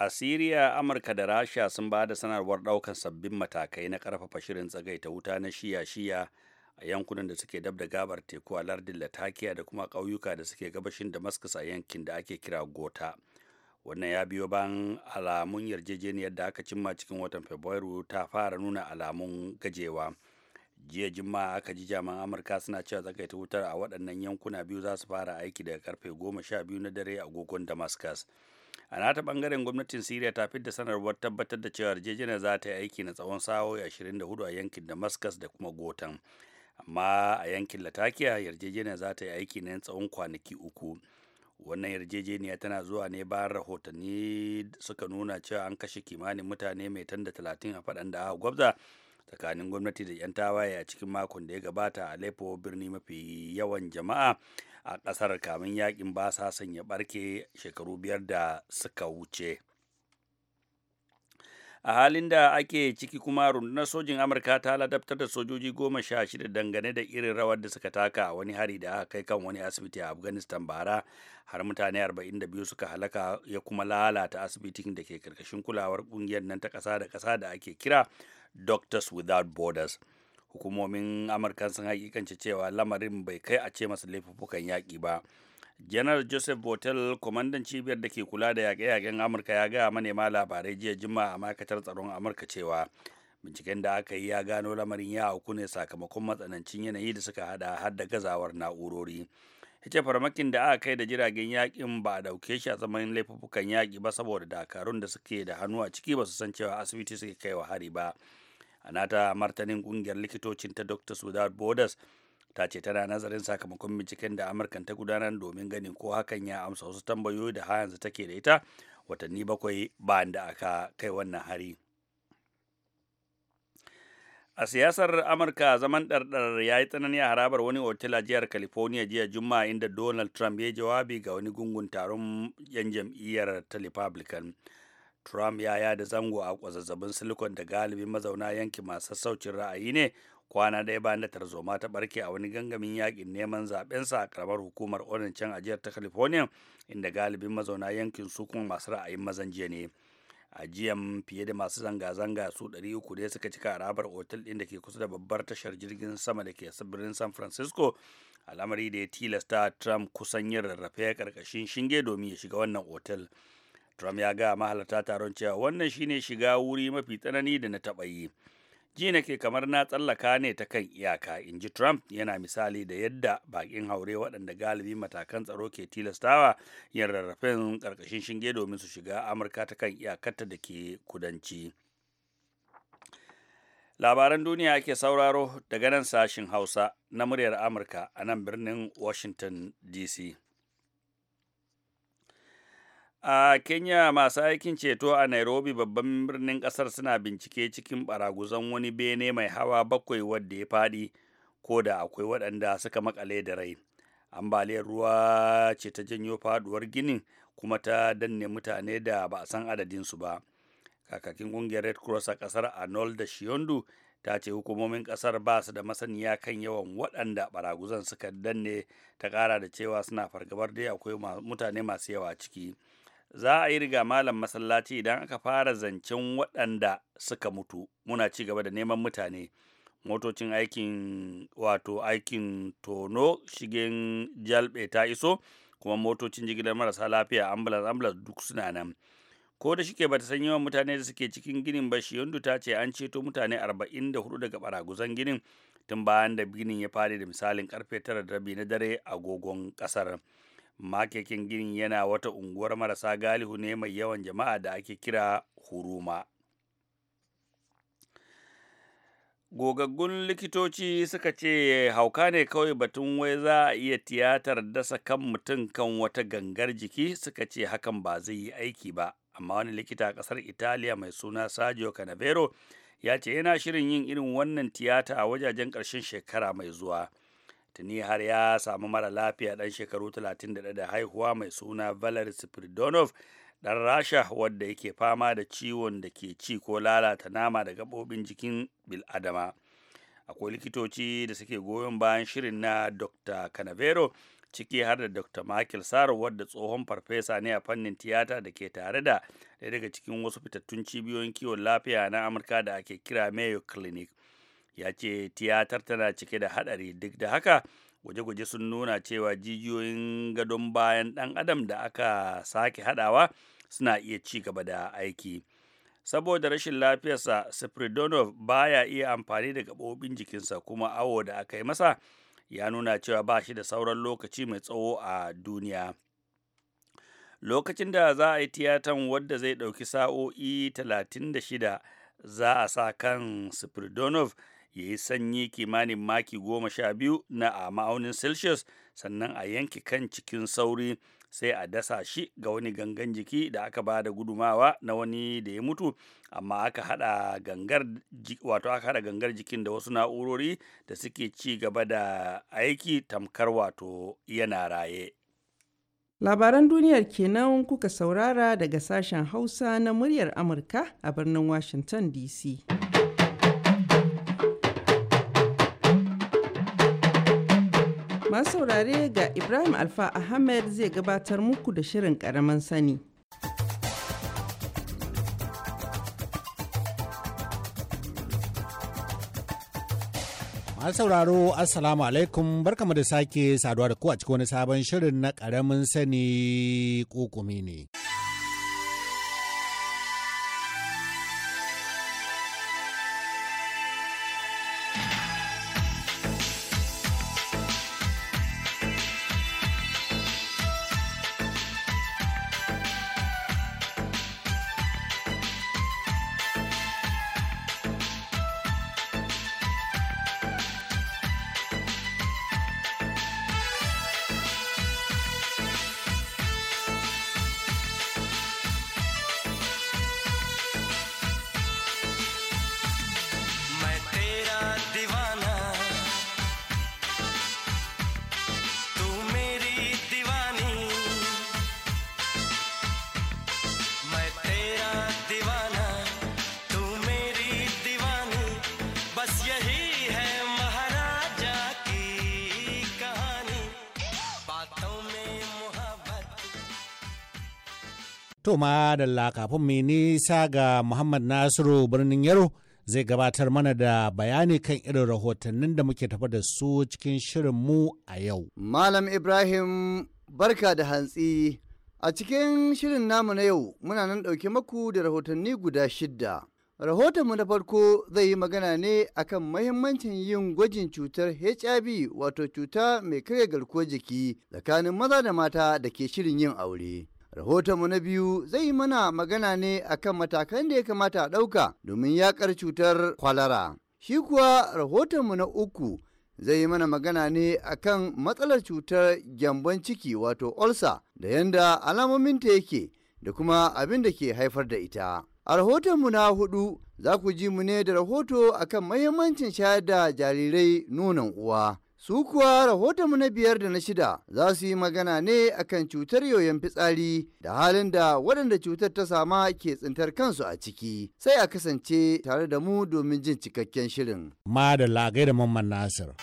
a siriya amurka da rasha sun ba da sanarwar ɗaukar sabbin matakai na karfafa shirin tsagaita wuta na shiya-shiya a yankunan da suke dab da gabar teku a lardin latakia da kuma ƙauyuka da suke gabashin damascus a yankin da ake kira gota wannan ya biyo bayan alamun yarjejeniyar da aka cimma cikin watan fabrairu ta fara nuna alamun gajewa jiya jimma aka ji jaman amurka suna cewa tsagaita wutar a waɗannan yankuna biyu za su fara aiki daga karfe goma sha biyu na dare a agogon damascus a nata bangaren gwamnatin siriya ta fidda sanarwar tabbatar da cewa jejina za ta yi aiki na tsawon sa'o'i 24 a yankin damascus da kuma gotan amma a yankin latakiya yarjejeniya za ta yi aiki na tsawon kwanaki uku wannan yarjejeniya tana zuwa ne bayan rahotanni suka nuna cewa an kashe kimanin mutane mai tanda talatin a faɗan da aka gwabza tsakanin gwamnati da 'yan tawaye a cikin makon da ya gabata a Aleppo birni mafi yawan jama'a a ƙasar kamin yakin basa sanya barke shekaru biyar da suka wuce. a halin da ake ciki kuma rundunar sojin amurka ta ladabtar da sojoji goma sha shida dangane da irin rawar da suka taka wani hari da aka kai kan wani asibiti a afghanistan bara har mutane 42 suka halaka ya kuma lalata asibitin da ke karkashin kulawar kungiyar nan ta kasa da kasa da ake kira doctors without borders hukumomin amurka sun hakikance cewa lamarin bai kai a ce masa laifuffukan yaƙi ba janar joseph botel kwamandan cibiyar da ke kula da yaƙe-yaƙen amurka ya gaya manema labarai jiya juma'a a ma'aikatar tsaron amurka cewa binciken da aka yi ya gano lamarin ya auku ne sakamakon matsanancin yanayi da suka hada har da gazawar na'urori yace farmakin da aka kai da jiragen yakin ba a ɗauke shi a tsamanin laifuffukan yaƙi ba saboda dakarun da suke da hannu a ciki ba su san cewa asibiti suke kai wa hari ba a nata martanin ƙungiyar likitocin ta dr sudar bodas ta ce tana nazarin sakamakon binciken da amurkan ta gudanar domin ganin ko hakan ya amsa wasu tambayoyi da har yanzu take da ita watanni bakwai bayan da aka kai wannan hari a siyasar amurka zaman ɗarɗar ya yi tsanani a harabar wani otel a jihar california jiya juma'a inda donald trump ya jawabi ga wani gungun taron 'yan jam'iyyar ta republican Trump ya yada zango a kwazazzabin Silicon da galibin mazauna yanki masu sassaucin ra'ayi ne kwana ɗaya bayan da tarzoma ta barke a wani gangamin yakin neman zaɓensa a karamar hukumar onin can a ta california inda galibin mazauna yankin su kuma masu ra'ayin mazan jiya ne a fiye da masu zanga-zanga su 300 ne suka cika harabar otal ɗin da ke kusa da babbar tashar jirgin sama da ke birnin san francisco al'amari da ya tilasta trump kusan yin rarrafe ya karkashin shinge domin ya shiga wannan otal trump ya ga mahalarta taron cewa wannan shine shiga wuri mafi tsanani da na taɓa yi ji ke kamar na tsallaka ne ta kan iyaka in ji trump yana misali da yadda bakin haure waɗanda galibi matakan tsaro ke tilastawa yin rarrafen ƙarƙashin shinge domin su shiga amurka ta kan iyakarta da ke kudanci labaran duniya ke sauraro daga nan sashin hausa na muryar amurka a nan birnin washington dc A Kenya masu aikin ceto a Nairobi babban birnin kasar suna bincike cikin baraguzan wani bene mai hawa bakwai wadda ya fadi ko da akwai waɗanda suka makale da rai. Ambaliyar ruwa ce ta janyo faduwar ginin kuma ta danne mutane da ba a san adadinsu ba. Kakakin ƙungiyar Red Cross a ƙasar Arnold da Shiondu ta ce hukumomin ƙasar ba su da masaniya kan yawan waɗanda baraguzan suka danne ta ƙara da cewa suna fargabar dai akwai mutane masu yawa ciki. za a yi riga malam masallaci idan aka fara zancen waɗanda suka mutu muna ci gaba da neman mutane motocin aikin wato aikin tono shigen jalbe ta iso kuma motocin jigilar marasa lafiya ambulance ambulance duk suna nan ko da shike bata san yawan mutane da suke cikin ginin ba shi, shiyundu ta ce an ceto mutane 44 daga baraguzan ginin tun bayan da ginin ya fare da misalin karfe 9 da rabi na dare a agogon kasar. makekin ginin yana wata unguwar marasa galihu ne mai yawan jama'a da ake kira huruma gogaggun likitoci suka ce hauka ne kawai batun wai za a iya tiyatar dasa kan mutum kan wata gangar jiki suka ce hakan ba zai yi aiki ba amma wani likita a ƙasar italiya mai suna Sergio Canavero ya ce yana shirin yin irin wannan tiyata a wajajen ƙarshen shekara mai zuwa. tuni har ya samu mara lafiya dan shekaru 31 da haihuwa mai suna valery spiridonov dan rasha wadda yake fama da ciwon da ke ci ko lalata nama da gabobin jikin biladama akwai likitoci da suke goyon bayan shirin na dr canavero ciki har da dr michael saro wadda tsohon farfesa ne a fannin tiyata da ke tare da daya daga cikin wasu fitattun cibiyoyin kiwon lafiya na amurka da ake kira mayo clinic ya ce tiyatar tana cike da hadari duk da haka gwaje-gwaje sun nuna cewa jijiyoyin gadon bayan ɗan adam da aka sake haɗawa suna iya ci gaba da aiki saboda rashin lafiyarsa spridonov baya iya amfani da gaɓoɓin jikinsa kuma awo da aka yi masa ya nuna cewa ba shi da sauran lokaci mai tsawo a duniya lokacin da za a yi tiyatan wadda zai ɗauki sa'o'i 36 za a sa kan spridonov ya yi sanyi kimanin maki goma sha biyu na a ma'aunin celsius sannan a yanke kan cikin sauri sai a dasa shi ga wani gangan jiki da aka ba da gudumawa na wani da ya mutu amma aka hada gangar wato aka hada gangar jikin da wasu na'urori da suke ci gaba da aiki tamkar wato yana raye labaran duniyar kenan kuka saurara daga sashen hausa na muryar amurka a birnin washington dc Masu saurare ga Ibrahim Alfa Ahmed zai gabatar muku da shirin ƙaramin sani. Masu sauraro Assalamu alaikum barkamu da sake saduwa da ku a cikin wani sabon shirin na ƙaramin sani kokumi ne. To ma da kafin mai nisa ga Muhammad Nasiru birnin Yaro zai gabatar mana da bayani kan irin rahotannin da muke tafa da su cikin shirin mu a yau. Malam Ibrahim barka da hantsi a cikin shirin namu na yau muna nan ɗauke maku da rahotanni guda shidda. Rahotonmu na farko zai yi magana ne akan mahimmancin yin gwajin cutar HIV wato cuta mai karya garkuwar jiki tsakanin maza da mata da ke shirin yin aure. Rahotonmu na biyu zai yi mana magana ne akan matakan da ya kamata a ɗauka domin yaƙar cutar kwalara. Shi kuwa rahotonmu na uku zai yi mana magana ne akan matsalar cutar gyambon ciki wato olsa da yanda alamominta yake da kuma abin da ke haifar da ita. A rahotonmu na hudu za ku ji mu ne da rahoto akan mahimmancin shayar da jarirai nonon uwa. Su kuwa rahotonmu na biyar da na shida za su yi magana ne akan cutar yoyon fitsari da halin da waɗanda cutar ta sama ke tsintar kansu a ciki. Sai a kasance tare da mu domin jin cikakken shirin. Ma da lagai da Mamman Nasir.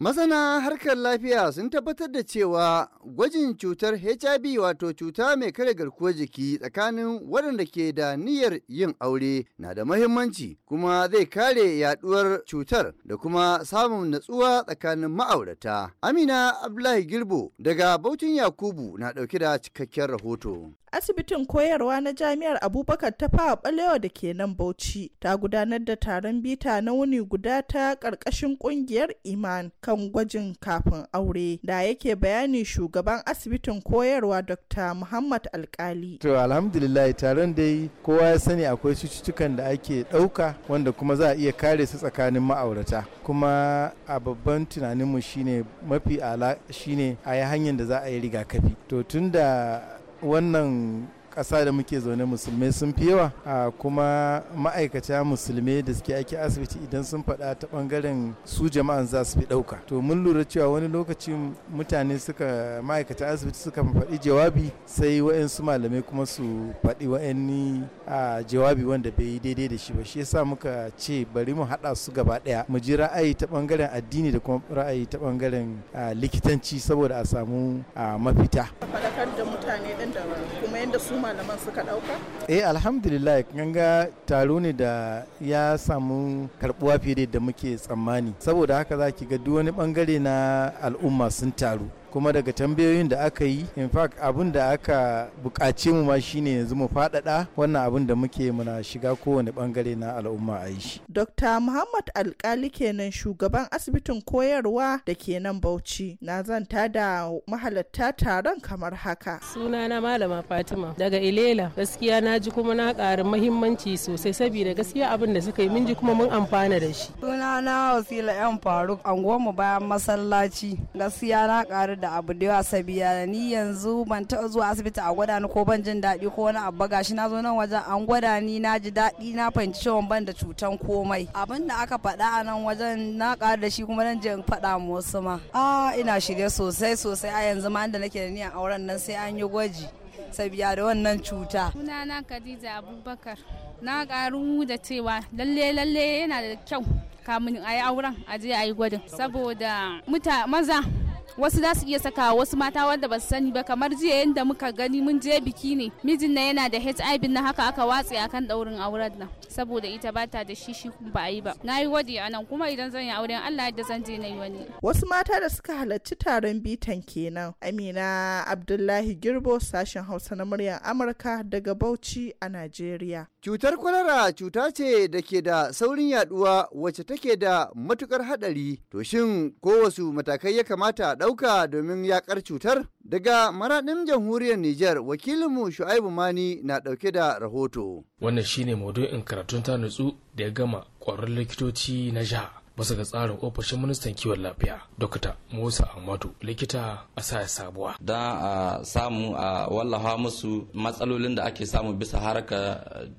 Masana harkar lafiya sun tabbatar da cewa gwajin cutar HIV wato cuta mai kare garkuwar jiki tsakanin waɗanda ke da niyyar yin aure na da mahimmanci kuma zai kare yaduwar cutar da kuma samun natsuwa tsakanin ma'aurata. Amina Abdullahi Girbo daga Bautin Yakubu na ɗauke da cikakken rahoto. asibitin koyarwa na jami'ar abubakar ta fawa balewa da ke nan bauchi ta gudanar da taron bita na wuni guda ta karkashin kungiyar iman kan gwajin kafin aure da yake bayani shugaban asibitin koyarwa dr muhammad alkali to alhamdulillah taron dai kowa ya sani akwai cututtukan da ake ɗauka wanda kuma za a iya kare su tsakanin ma'aurata kuma a babban tunaninmu shine mafi ala shine a yi hanyar da za a yi rigakafi to tun da wannan ƙasa da muke zaune musulmai sun fi yawa kuma ma'aikata musulmai da suke aiki asibiti idan sun faɗa ta ɓangaren su jama'an za su fi ɗauka to mun lura cewa wani lokaci mutane suka ma'aikata asibiti suka faɗi jawabi sai wa'yansu malamai kuma su faɗi wa'yanni a jawabi wanda bai yi daidai da shi ba shi yasa muka ce bari mu haɗa su gaba ɗaya mu ji ra'ayi ta ɓangaren addini da kuma ra'ayi ta ɓangaren likitanci saboda a samu mafita faɗakar da mutane ɗin da yadda su malaman suka dauka? eh alhamdulillah ganga taro ne da ya samu karbuwa fiye da muke tsammani saboda haka za ki ga duk wani bangare na al'umma sun taru kuma daga tambayoyin da aka yi in fact abin da aka buƙace mu ma shine yanzu mu faɗaɗa wannan abin da muke muna shiga kowane bangare na al'umma a yi shi. Dr. Muhammad Alkali kenan shugaban asibitin koyarwa da ke nan Bauchi na zanta da mahalatta taron kamar haka. suna na Malama Fatima daga Ilela gaskiya na ji kuma na ƙarin mahimmanci sosai saboda gaskiya abin da suka yi mun ji kuma mun amfana da shi. suna na Wasila 'yan Faruk mu bayan masallaci gaskiya na ƙaru da abu da yawa sabiya ni yanzu ban taɓa zuwa asibiti a gwada ni ko ban jin daɗi ko wani abu shi na zo nan wajen an gwada ni na ji daɗi na fahimci cewa ban da cutan komai abin da aka faɗa a nan wajen na ƙara da shi kuma nan je in faɗa musu ma a ina shirye sosai sosai a yanzu ma da nake da niyan auren nan sai an yi gwaji sabiya da wannan cuta sunana Khadija Abubakar na ƙaru da cewa lalle lalle yana da kyau kamun a yi auren a je a yi gwajin saboda maza wasu za su iya saka wasu mata wanda ba su sani ba kamar jiya yadda muka gani mun je biki ne mijin na yana da HIV na haka aka watse akan daurin auren nan saboda ita ba ta da shishi ba a yi ba na yi gwaji a nan kuma idan zan yi auren Allah yadda zan je na yi wani wasu mata da suka halarci taron bitan kenan Amina Abdullahi Girbo sashen Hausa na muryar Amurka daga Bauchi a Najeriya Cutar kwalara cuta ce da ke da saurin yaduwa wacce take da matukar hadari. To shin ko wasu matakai ya kamata ɗauka domin yakar cutar? Daga maraɗin jamhuriyar Nijar wakilinmu Shu'aibu Mani na ɗauke da rahoto. Wannan shine maudu'in karatun ta nutsu da ya gama ƙwararrun likitoci na jiha. bisa ga tsarin ofishin ministan kiwon lafiya dokta musa ahmadu likita a saya sabuwa don a samu a wallafa musu matsalolin da ake samu bisa harka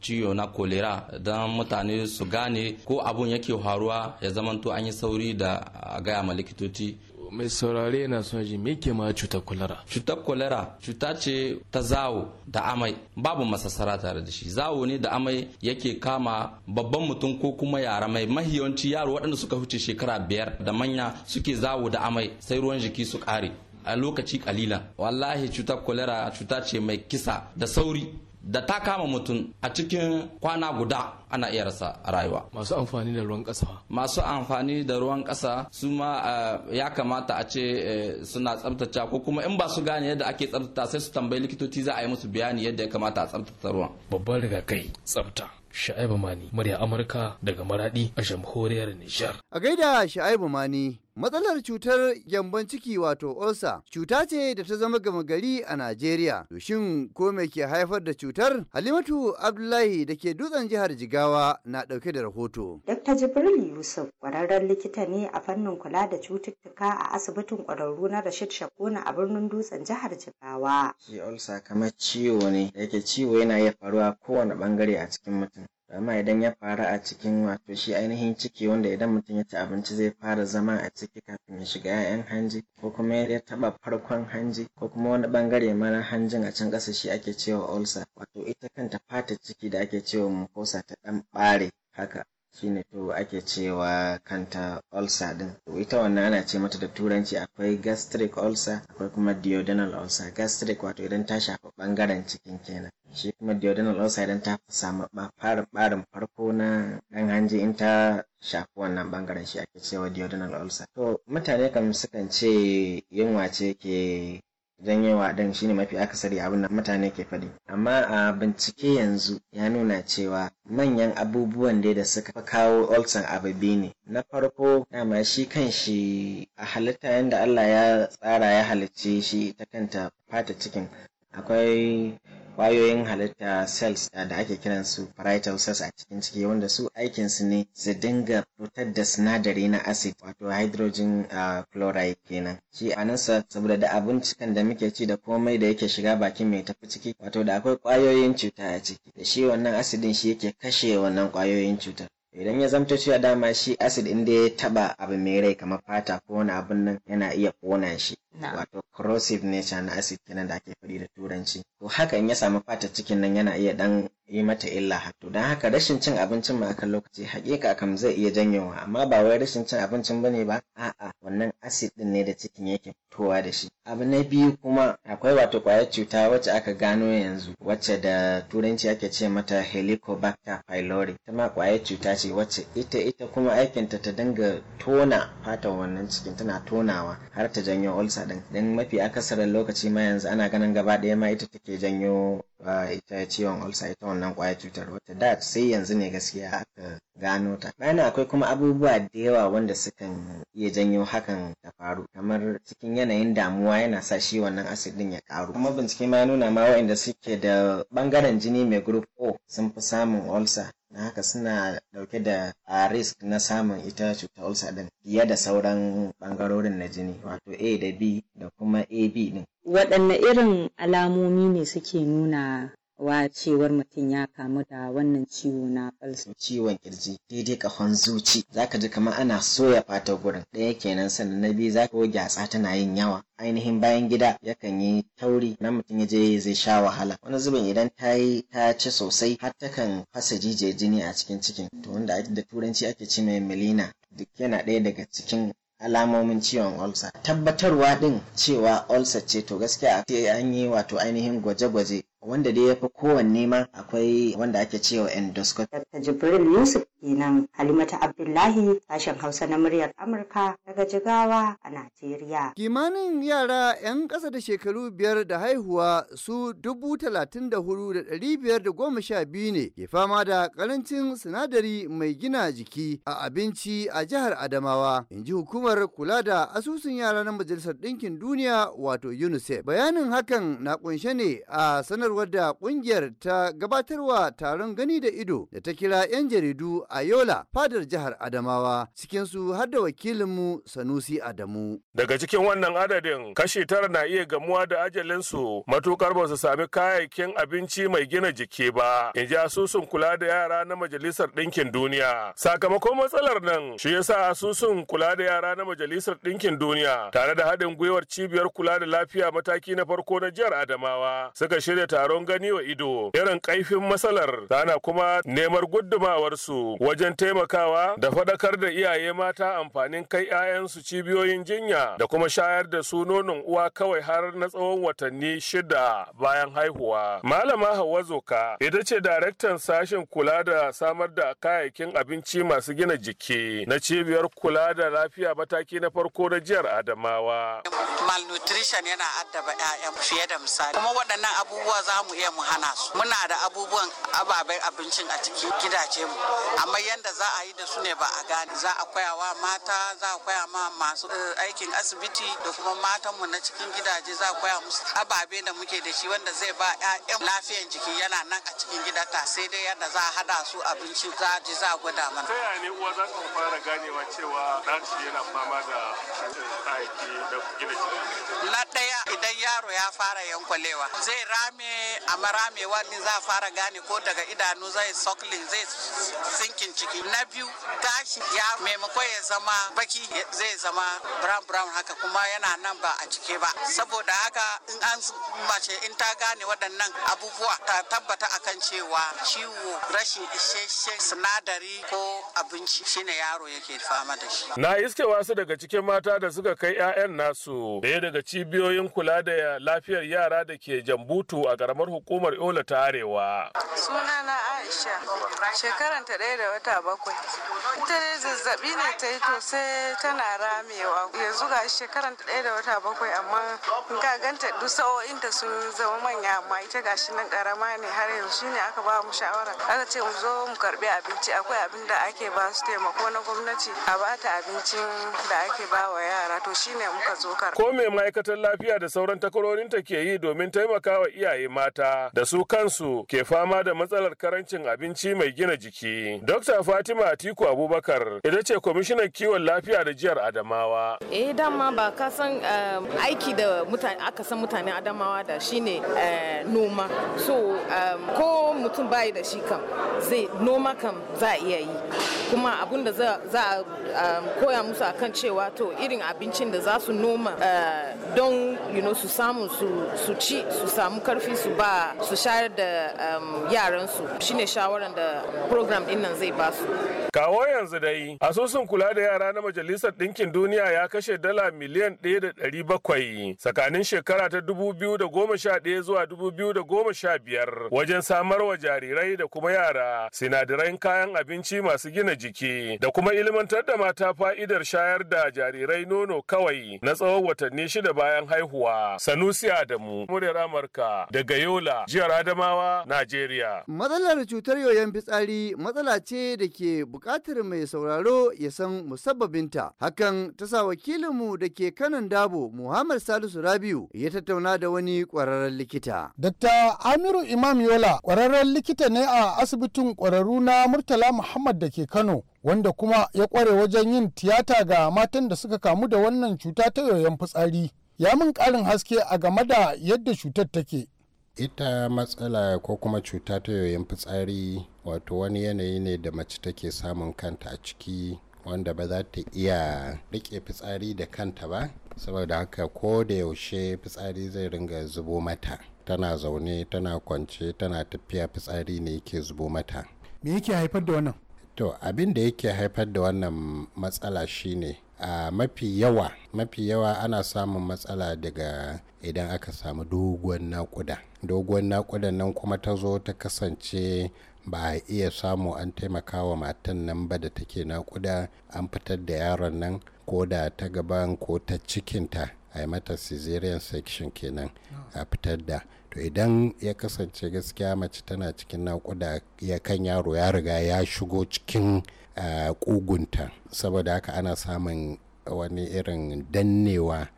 ciwo na kolera don mutane su gane ko abun yake faruwa ya zamanto an yi sauri da a gaya ma likitoci mai saurare yana son ji me ke ma cutar kwalara cutar kwalara cuta ce ta zawo da amai babu masasara tare da shi zawo ne da amai yake kama babban mutum ko kuma yara mai mahiyanci yaro waɗanda suka huce shekara biyar da manya suke zawo da amai sai ruwan jiki su ƙare a lokaci kalilan wallahi cutar kolera cuta ce mai kisa da sauri da ta kama mutum a cikin kwana guda ana iya rasa rayuwa masu amfani da ruwan kasa masu amfani da ruwan kasa su ma ya kamata a ce eh, suna tsabtace ko kuma in ba su gane yadda ake tsabtata sai su tambayi likitoci za a yi musu bayani yadda ya kamata a tsabtata ruwan babban rigakai tsabta Sha'ibu Mani, murya Amurka daga Maradi a jamhuriyar Nijar. A gaida Sha'ibu Mani, Matsalar cutar gyambon ciki wato olsa cuta ce da ta zama gama gari a Najeriya. To shin ko me ke haifar da cutar? Halimatu Abdullahi da ke dutsen jihar Jigawa na ɗauke da rahoto. Dr. Jibril Yusuf ƙwararren likita ne a fannin kula da cututtuka a asibitin ƙwararru na Rashid Shakuna a birnin dutsen jihar Jigawa. Shi olsa kamar ciwo ne yake ciwo yana iya faruwa kowane ɓangare a cikin mutum. amma idan ya fara a cikin wato shi ainihin ciki wanda idan mutum ya ci abinci zai fara zama a ciki kafin ya shiga 'ya'yan hanji ko kuma ya taɓa farkon hanji ko kuma wani ɓangare mara hanjin a can ƙasa shi ake cewa ulcer wato ita kanta fata ciki da ake cewa mucosa ta ɗan ɓare haka shine to ake cewa kanta ulcer din ita wannan ana ce mata da turanci akwai gastric ulcer akwai kuma duodenal ulcer gastric wato idan ta shafa bangaren cikin kenan shi kuma duodenal ulcer idan ta samu barin farko na dan hanji in ta shafi wannan bangaren shi ake cewa duodenal ulcer to mutane kam sukan ce yunwa ce ke janyewa ɗan shine mafi akasari abin da mutane ke faɗi amma a bincike yanzu ya nuna cewa manyan abubuwan da suka fi kawo olson ababe ne na farko dama shi kan shi a halitta yadda allah ya tsara ya halicce shi ta kanta fata cikin akwai kwayoyin halitta cells da ake kiran su parietal cells a cikin ciki wanda su aikin su ne su dinga fitar da sinadari na acid wato hydrogen chloride kenan shi anansa saboda da abincikan da muke ci da komai da yake shiga bakin mai tafi ciki wato da akwai kwayoyin cuta a ciki da shi wannan acidin shi yake kashe wannan kwayoyin cutar idan ya zamta cewa dama shi acid inda ya taba abu mai rai kamar fata ko wani abun nan yana iya kona shi wato corrosive nature na acid kenan da ake faɗi da turanci to haka in ya samu fata cikin nan yana iya dan yi mata illa to don haka rashin cin abincin ma akan lokaci hakika kam zai iya janyowa amma ba wai rashin cin abincin bane ba a'a wannan acid din ne da cikin yake fitowa da shi abu na biyu kuma akwai wato kwayar cuta wacce aka gano yanzu wacce da turanci ake ce mata helicobacter pylori ita ma kwayar cuta ce wacce ita ita kuma aikinta ta dinga tona fatan wannan cikin tana tonawa har ta janyo ulcer din dan mafi akasarin lokaci ma yanzu ana ganin gaba ɗaya ma ita take janyo ita ciwon ulcer ita wannan kwaya cutar wata da sai yanzu ne gaskiya aka gano ta bayan akwai kuma abubuwa da yawa wanda sukan iya janyo hakan ta faru kamar cikin yanayin damuwa yana sa shi wannan acid din ya karu kuma bincike ma nuna ma waɗanda suke da bangaren jini mai group O sun fi samun ulcer na haka suna dauke da a risk na samun ita cuta ulcer din fiye da sauran bangarorin na jini wato a da b da kuma ab din waɗanne irin alamomi ne suke nuna wa cewar mutum ya kamu da wannan ciwo na falsa. Ciwon kirji daidai kafan zuci zaka ji kamar ana soya fata gurin ɗaya kenan sannan na biyu zaka ko gyatsa tana yin yawa ainihin bayan gida yakan yi tauri na mutum ya je zai sha wahala wani zubin idan ta yi ta ci sosai har ta kan fasa jijiyar jini a cikin cikin to wanda da turanci ake ce mai melina duk yana ɗaya daga cikin alamomin ciwon ulcer tabbatarwa din cewa ulcer ce to gaskiya sai an yi wato ainihin gwaje-gwaje wanda dai ya fi kowanne ma akwai wanda ake cewa endoscopy. Dr. Jibril Yusuf kenan Halimata Abdullahi sashen Hausa na muryar Amurka daga Jigawa a Najeriya. Kimanin yara 'yan ƙasa da shekaru biyar da haihuwa su dubu talatin da hudu da ɗari biyar da goma sha biyu ne ke fama da ƙarancin sinadari mai gina jiki a abinci a jihar Adamawa. In ji hukumar kula da asusun yara na Majalisar Ɗinkin Duniya wato UNICEF. Bayanin hakan na ƙunshe ne a sanarwar sanarwar da kungiyar ta gabatarwa taron gani da ido da ta kira 'yan jaridu a Yola fadar jihar Adamawa cikinsu har da wakilinmu Sanusi Adamu. Daga cikin wannan adadin kashi tara na iya gamuwa da ajalinsu matukar ba su sami kayayyakin abinci mai gina jiki ba. In ji asusun kula da yara na Majalisar Ɗinkin Duniya. Sakamakon matsalar nan shi yasa asusun kula da yara na Majalisar Ɗinkin Duniya tare da haɗin gwiwar cibiyar kula da lafiya mataki na farko na jihar Adamawa suka shirya taron gani wa ido irin kaifin matsalar tana kuma nemar gudumawarsu wajen taimakawa da faɗakar da iyaye mata amfanin kai 'ya'yansu cibiyoyin jinya da kuma shayar da su nonon uwa kawai har na tsawon watanni shida bayan haihuwa. Malama Hauwa Zoka ita ce daraktan sashen kula da samar da kayayyakin abinci masu gina jiki na cibiyar kula da lafiya mataki na farko na jiyar Adamawa. Malnutrition yana addaba 'ya'yan fiye da misali. Kuma waɗannan abubuwa za mu iya mu hana su muna da abubuwan ababen abincin a cikin gidaje mu amma yanda za a yi da su ne ba a gane za a koya wa mata za a koya ma masu eh, aikin asibiti da kuma matan mu na cikin gidaje za a koya musu ababe da muke da shi wanda zai ba 'ya'yan lafiyan jiki yana nan a cikin gidata sai dai yadda za a hada su abinci za a ji za a gwada mana. Ta ne uwa za ta fara ganewa cewa ɗansu yana fama da aiki da gida Na ɗaya idan yaro ya fara yankwalewa zai rame a maramewa din za a fara gane ko daga idanu zai soklin zai sinkin ciki na biyu gashi ya maimako ya zama baki zai zama brown brown haka kuma yana nan ba a cike ba saboda haka in an mace in ta gane waɗannan abubuwa ta tabbata akan cewa ciwo rashin isasshen sinadari ko abinci shine yaro yake fama da shi na iske wasu daga cikin mata da suka kai 'ya'yan nasu daya daga cibiyoyin kula da lafiyar yara da ke jambutu a karamar hukumar Yola ta Arewa. Sunana Aisha, shekaran ta ɗaya da wata bakwai. Ita ne zazzaɓi ne ta yi to sai tana ramewa. Yanzu ga shekaran ta ɗaya da wata bakwai amma in ka ganta duk sa'o'in ta sun zama manya amma ita gashi nan karama ne har yanzu shine aka ba mu shawara aka ce mu zo mu karbi abinci akwai abin da ake ba su taimako na gwamnati a bata abincin da ake ba wa yara to shine muka zo kar ko me ma'aikatar lafiya da sauran takarorin ta ke yi domin taimakawa iyaye mata da su kansu ke fama da matsalar karancin abinci mai gina jiki dr fatima atiku abubakar ita ce kwamishinan kiwon lafiya da jihar adamawa eh dama ba ka san eh, aiki da aka san mutane adamawa da shine eh, noma so um, ko mutum bayi da shi kam zai noma kam za a iya yi kuma abun da za a um, koya musu akan cewa to irin abincin da za su noma eh, don you know, su samu su ci su samu karfi su ba su shayar da um, yaransu shine shawaran da program din nan zai ba su kawo yanzu dai asusun kula da yara na majalisar ɗinkin duniya ya kashe dala miliyan ɗaya da ɗari tsakanin shekara ta 2011 zuwa 2015 wajen samar wa jarirai da kuma yara sinadaran kayan abinci masu gina jiki da kuma ilmantar da mata fa'idar shayar da jarirai nono kawai na tsawon watanni shida bayan haihuwa. Sanusi Adamu, muryar Amurka daga Yola, jihar Adamawa, Najeriya. Matsalar cutar yoyon fitsari matsala ce da ke bukatar mai sauraro ya san musabbabinta. Hakan ta sa wakilinmu da ke kanan dabo Muhammad Salisu biyu ya tattauna da wani kwararren likita. Dr. Amiru Imam Yola kwararren likita ne a asibitin kwararru na Murtala Muhammad da ke Kano wanda kuma ya kware wajen yin tiyata ga matan da suka kamu da wannan cuta ta yoyon fitsari. Ya min ƙarin haske a game da yadda cutar take. ita matsala ko kuma cuta ta yoyon fitsari wato wani yanayi ne da mace take samun kanta a ciki wanda ba za ta iya rike fitsari da kanta ba saboda haka ko da yaushe fitsari zai ringa zubo mata tana zaune tana kwance tana tafiya fitsari ne yake zubo mata me yake haifar da wannan to abin da yake haifar da wannan matsala shine a mafi yawa mafi yawa ana samun matsala daga idan aka samu doguwar nakuda doguwar nakudan nan kuma ta zo ta kasance ba a iya samu an taimaka wa matan nan ba da take naƙuda an fitar da yaron nan ko da ta gaban ko ta cikinta a yi mata caesarean section kenan a fitar da to idan ya kasance gaskiya mace tana cikin naƙuda ya kan yaro ya riga ya shigo cikin ƙugunta saboda haka ana samun wani irin dannewa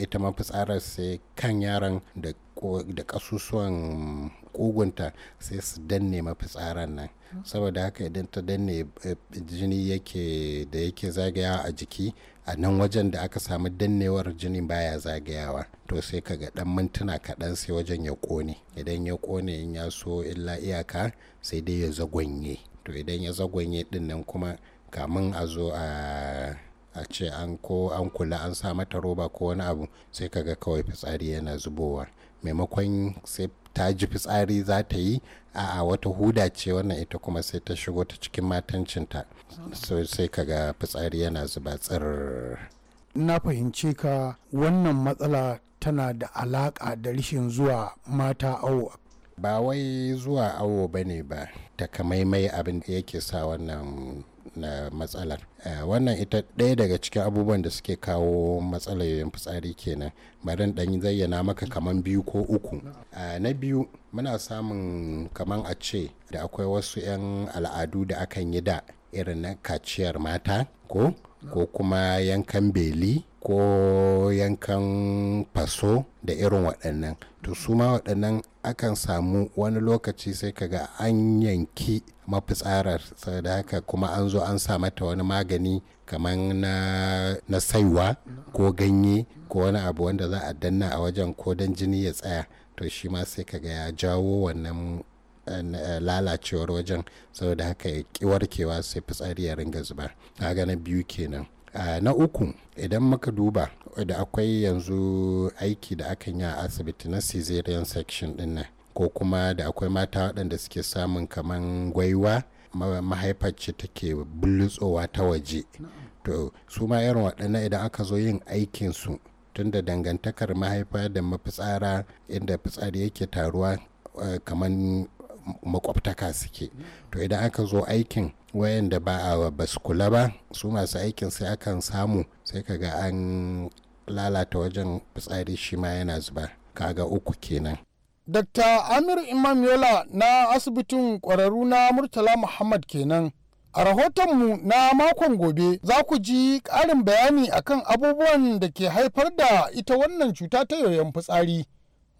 ita mafitsarar sai kan yaron da kasusuwan ƙugunta sai su danne mafitsaran nan saboda haka idan ta danne eh, jini yake da yake zagayawa a jiki a nan wajen da aka samu dannewar jini baya zagayawa to sai ka ga dan mintuna kaɗan sai wajen ya kone idan ya kone in ya so illa iyaka sai dai ya zagwanye to idan ya zagwanye din nan kuma kamun a zo a a ce an ko an kula an sa mata roba ko wani abu sai kaga kawai fitsari yana zubowa maimakon sai ta ji fitsari za ta yi a wata huda ce wannan ita kuma sai ta shigo ta cikin matancinta so sai ga fitsari yana zuba tsir na fahimce ka wannan matsala tana da alaƙa da rashin zuwa mata awo ba wai zuwa awo ba ne ba takamaimai abin da yake sa wannan na matsalar eh, wannan ita ɗaya daga cikin abubuwan da suke kawo matsalar yin fitsari kenan bari ɗan zayyana maka kaman biyu ko uku eh, na biyu muna samun kaman a ce da akwai wasu 'yan al'adu da akan yi da irin na kaciyar mata ko ko kuma yankan beli ko yankan faso da irin waɗannan to su ma waɗannan akan samu wani lokaci sai kaga an yanki mafitsarar da haka kuma an zo an sa mata wani magani kamar na, saiwa ko ganye ko wani abu wanda za a danna a wajen ko don jini ya tsaya to shi ma sai kaga ya jawo wannan eh, lalacewar wajen saboda haka ya ki warkewa sai fitsari ya ringa zuba na biyu kenan Ah, na uku idan muka duba da akwai yanzu aiki da akan yi a asibiti na caesarean section din nan ko kuma da akwai mata waɗanda suke samun kaman gwaiwa mahaifacce take bulutsowa ta waje to su ma irin waɗannan idan aka zo yin aikinsu tun da dangantakar mahaifa da mafitsara inda fitsari yake taruwa eh, kamar makwabtaka suke to idan aka zo aikin wayanda ba a basu kula ba su masu aikin sai akan samu sai kaga an lalata wajen fitsari shi ma yana zuba kaga uku kenan Dr. Amir Imam Yola na asibitin ƙwararru na Murtala Muhammad kenan. A rahotonmu na makon gobe za ku ji ƙarin bayani akan abubuwan da ke haifar da ita wannan cuta ta yoyon fitsari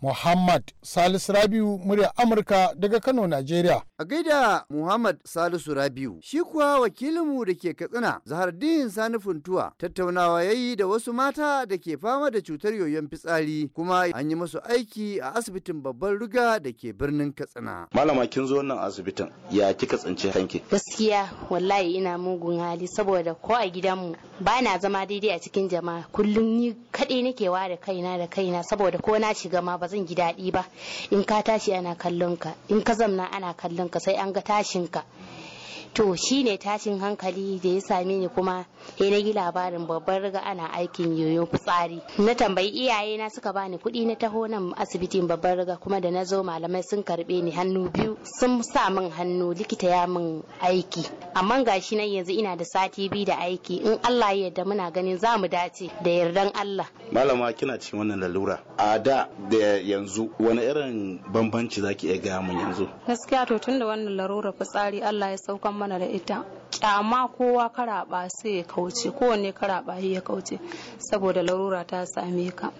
Muhammad Salisu Rabiu murya Amurka daga Kano, Najeriya. A gaida Muhammad Salisu Rabiu, shi kuwa wakilinmu da ke Katsina, Zahardin Sani Funtuwa, tattaunawa ya yi da wasu mata da ke fama da cutar yoyon fitsari kuma an yi masu aiki a asibitin babban riga da ke birnin Katsina. Malama kin zo nan asibitin, ya kika tsinci kanki? Gaskiya wallahi ina mugun hali saboda ko a gidanmu ba na zama daidai a cikin jama'a kullum ni kaɗai nake ware kaina da kaina saboda ko na shiga ma ba zan ji daɗi ba in ka tashi ana kallon ka in ka zamna ana kallon ka sai an ga tashin ka to shine tashin hankali da ya same ni kuma ya nagi labarin babban riga ana aikin yoyo fitsari na tambayi iyaye na suka bani kuɗi na taho nan asibitin babban riga kuma da na zo malamai sun karɓe ni hannu biyu sun sa min hannu likita ya min aiki amma gashi nan yanzu ina da sati biyu da aiki in Allah ya yarda muna ganin za mu dace da yardan Allah malama kina cikin wannan lalura a da da yanzu wani irin bambanci zaki iya gaya mun yanzu gaskiya to tunda wannan larura fitsari Allah ya saukan mana da ita kyama kowa karaɓa sai ya kauce kowanne karaba ya kauce saboda larura ta same ka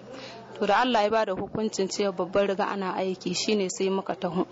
to da Allah ya bada hukuncin cewa babban riga ana aiki shine sai muka taho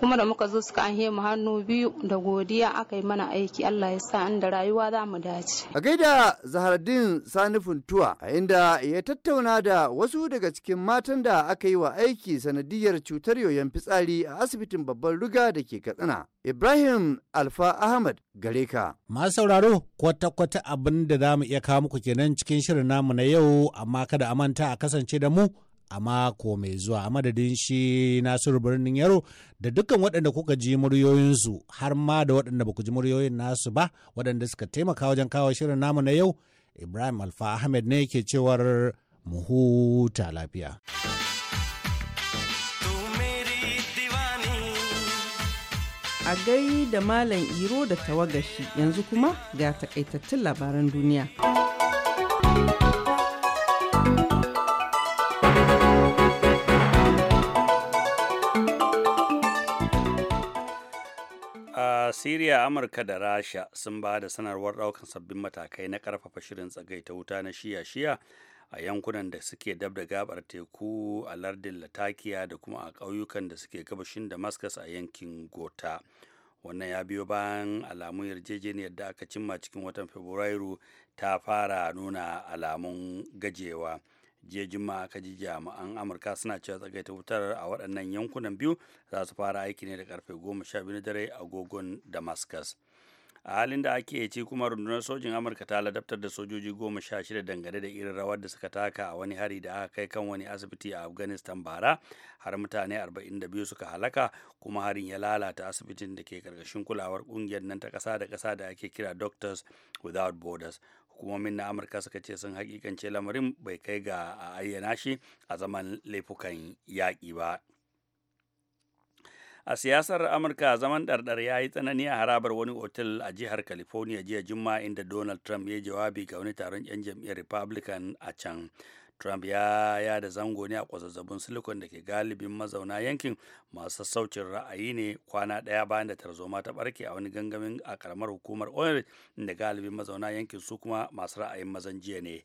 kuma da muka zo suka anhe mu hannu biyu da godiya aka yi mana aiki Allah ya sa inda rayuwa za mu dace. A gaida Zahardin Sani Funtuwa a inda ya tattauna da wasu daga cikin matan da aka yi wa aiki sanadiyar cutar yoyon fitsari a asibitin babban ruga da ke Katsina. Ibrahim Alfa Ahmad Gareka. ka. Masu sauraro kwata-kwata abin da za mu iya kawo muku kenan cikin shirin namu na yau amma kada a manta a kasance da mu a mako mai zuwa a madadin shi nasiru birnin yaro da dukkan waɗanda kuka ji muryoyinsu har ma da waɗanda ba ku ji muryoyin nasu ba waɗanda suka taimaka wajen kawo shirin namu na yau ibrahim alfa ahmed ne ke cewar mu huta lafiya. a gai da Malam Iro da tawagashi yanzu kuma ga takaitattun labaran duniya. Siriya, Amurka da Rasha sun ba da sanarwar ɗaukar sabbin matakai na ƙarfafa shirin tsagaita wuta na shiya-shiya a yankunan da suke dab da gabar teku a lardin Latakia da kuma a ƙauyukan da suke gabashin Damascus a yankin Gota. Wannan ya biyo bayan alamun yarjejeniyar da aka cimma cikin watan Fabrairu ta fara nuna alamun gajewa. jiya juma'a ji jami'an amurka suna cewa tsagaita wutar a waɗannan yankunan biyu za su fara aiki ne da karfe goma sha biyu na dare agogon damascus a halin da ake ci kuma rundunar sojin amurka ta ladabtar da sojoji goma sha shida dangane da irin rawar da suka taka a wani hari da aka kai kan wani asibiti a afghanistan bara har mutane 42 suka halaka kuma harin ya lalata asibitin da ke karkashin kulawar kungiyar nan ta kasa da kasa da ake kira doctors without borders hukumomin na amurka suka ce sun hakikance lamarin bai kai ga a ayyana shi a zaman laifukan yaƙi ba a siyasar amurka zaman ɗarɗar ya yi tsanani a harabar wani otal a jihar california jiya juma'a inda donald trump ya jawabi ga wani taron 'yan jam'iyyar republican a can trump ya yada zango ne a kwazazzabin silicon da ke galibin mazauna yankin masu sassaucin ra'ayi ne kwana ɗaya bayan da tarzoma ta barke a wani gangamin a karamar hukumar orange da galibin mazauna yankin su kuma masu ra'ayin mazan jiya ne